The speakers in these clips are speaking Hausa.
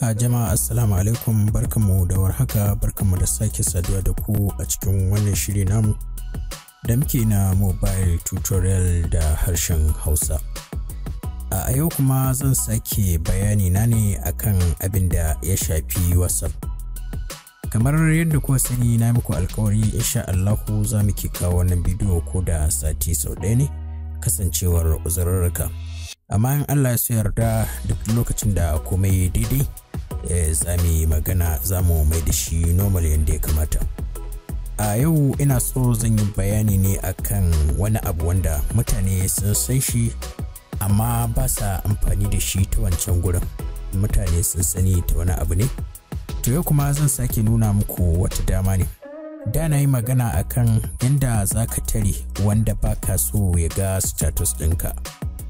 A jama'a assalamu alaikum barkanmu da warhaka barkanmu da sake saduwa da ku a cikin wannan shiri namu da muke na mobile tutorial da harshen Hausa. A yau kuma zan sake bayani na ne akan abin da ya shafi WhatsApp. Kamar yadda kuwa sani na muku alkawari insha Allahu za mu ke kawo wannan bidiyo ko da sati sau ɗaya ne kasancewar uzurarka. amma in Allah ya yarda duk lokacin da komai daidai eh, za mu yi magana za mu mai da shi normal yadda ya kamata a yau ina so zan yi bayani ne akan wani abu wanda mutane sun san shi amma ba sa amfani da shi ta wancan gurin mutane sun sani ta wani abu ne to yau kuma zan sake nuna muku wata dama ne da na yi magana akan yadda za ka tare wanda ba ka so ya ga status ɗinka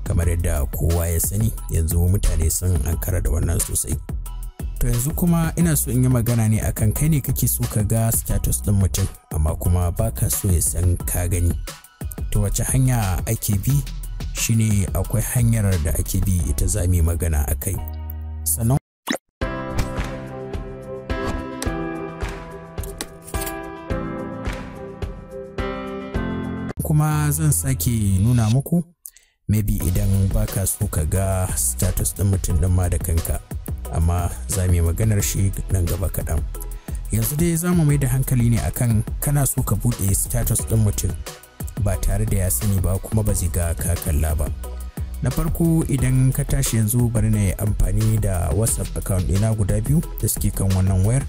kamar yadda kowa ya sani yanzu mutane sun ankara da wannan sosai to yanzu kuma ina so in yi magana ne akan kai ne kake so ka ga status ɗin mutum amma kuma baka so ya san ka gani to wace hanya ake bi shine akwai hanyar da ake bi ita za mu magana a kai sannan kuma zan sake nuna muku maybe idan baka so ka ga status ɗin mutum ɗin ma da kanka amma za mu yi maganar shi nan gaba kaɗan yanzu dai za mu mai da hankali ne akan kana so ka buɗe status ɗin mutum ba tare da ya sani ba kuma ba zai ga ka kalla ba na farko idan ka tashi yanzu bari na yi amfani da whatsapp account ɗina guda biyu da suke kan wannan wayar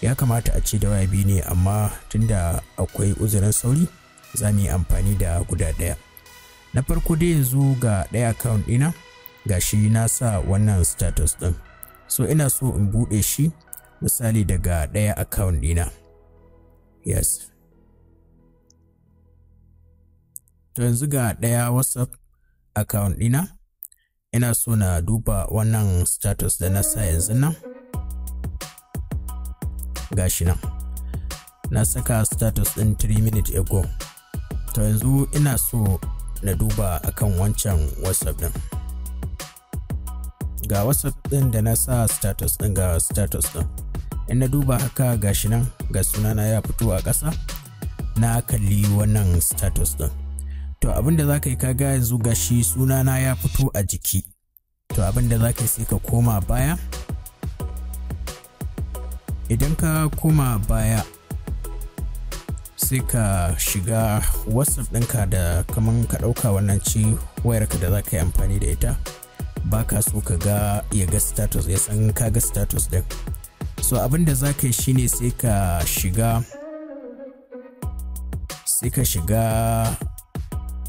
ya kamata a ce da waya biyu ne amma tunda akwai uzurin sauri za mu yi amfani da guda ɗaya na farko dai yanzu ga ɗaya account ɗina gashi na sa wannan status ɗin so ina so in buɗe shi misali daga ɗaya account ɗina yes to yanzu ga ɗaya whatsapp account ɗina ina so na duba wannan status da na sa yanzu nan gashi nan na saka status ɗin 3 minutes ago to yanzu ina so na duba akan wancan whatsapp ɗin ga whatsapp ɗin da na sa status ɗin ga status ɗin in na duba haka gashi nan ga sunana ya fito a ƙasa na kalli wannan status ɗin to abinda za ka yi kaga yanzu gashi sunana ya fito a jiki to abinda za ka yi sai ka koma baya idan ka koma baya sai ka shiga whatsapp ɗinka da kaman ka ɗauka wannan ci wayarka da za ka yi amfani da ita ba ka so ka ga ya ga status ya san ka ga status ɗin so abin da za ka yi shine sai ka shiga sai ka shiga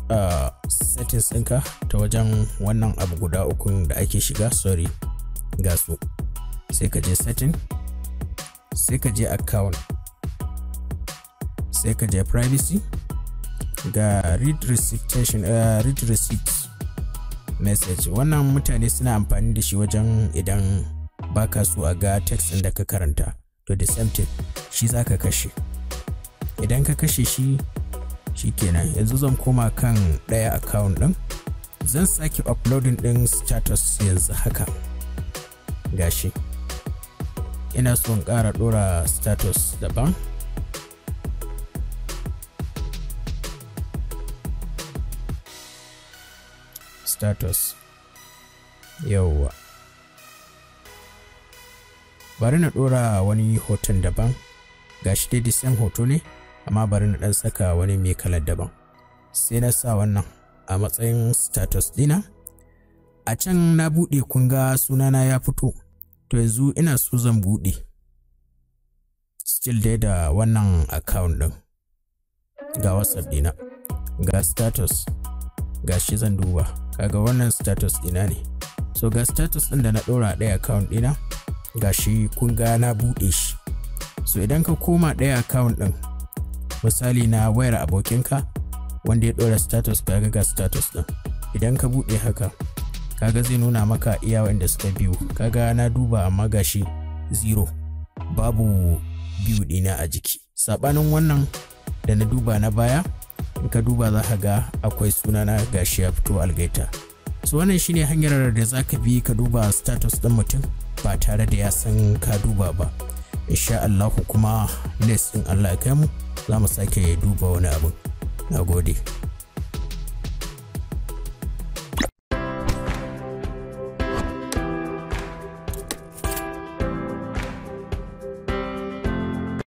uh, settings ɗinka ta wajen wannan abu guda uku da ake shiga sorry ga su sai ka je setting sai ka je account sai ka je privacy ga read reception uh, eh, read receipt message wannan mutane suna amfani da shi wajen idan baka so a ga text ɗin da ka karanta to the same thing shi za ka kashe idan ka kashe shi shi kenan yanzu zan koma kan ɗaya account ɗin zan sake uploading ɗin status yanzu haka gashi ina son ƙara ɗora status daban status yauwa bari na ɗora wani hoton daban ga shi dai same hoto ne amma bari na ɗan saka wani mai kalar daban sai na sa wannan a matsayin status dina a can na buɗe kunga sunana ya fito to yanzu ina so zan buɗe still dai da wannan account ɗin ga whatsapp dina ga status gashi zan duba kaga wannan status ina ne so ga status din da na ɗora a ɗaya account ɗina gashi kun ga na buɗe shi so idan ka koma ɗaya account ɗin misali na wayar abokinka wanda ya ɗora status kaga ga status ɗin idan ka buɗe haka kaga zai nuna maka iya wanda suka biyu kaga na duba amma gashi zero babu biyu ɗina a jiki saɓanin wannan da na duba na baya in ka duba za ka ga akwai sunana gashi ya fito algaita su wannan shine hanyar da za ka bi ka duba status ɗin mutum ba tare da ya san ka duba ba insha Allah kuma ne din Allah ya kai mu za mu sake duba wani abu na gode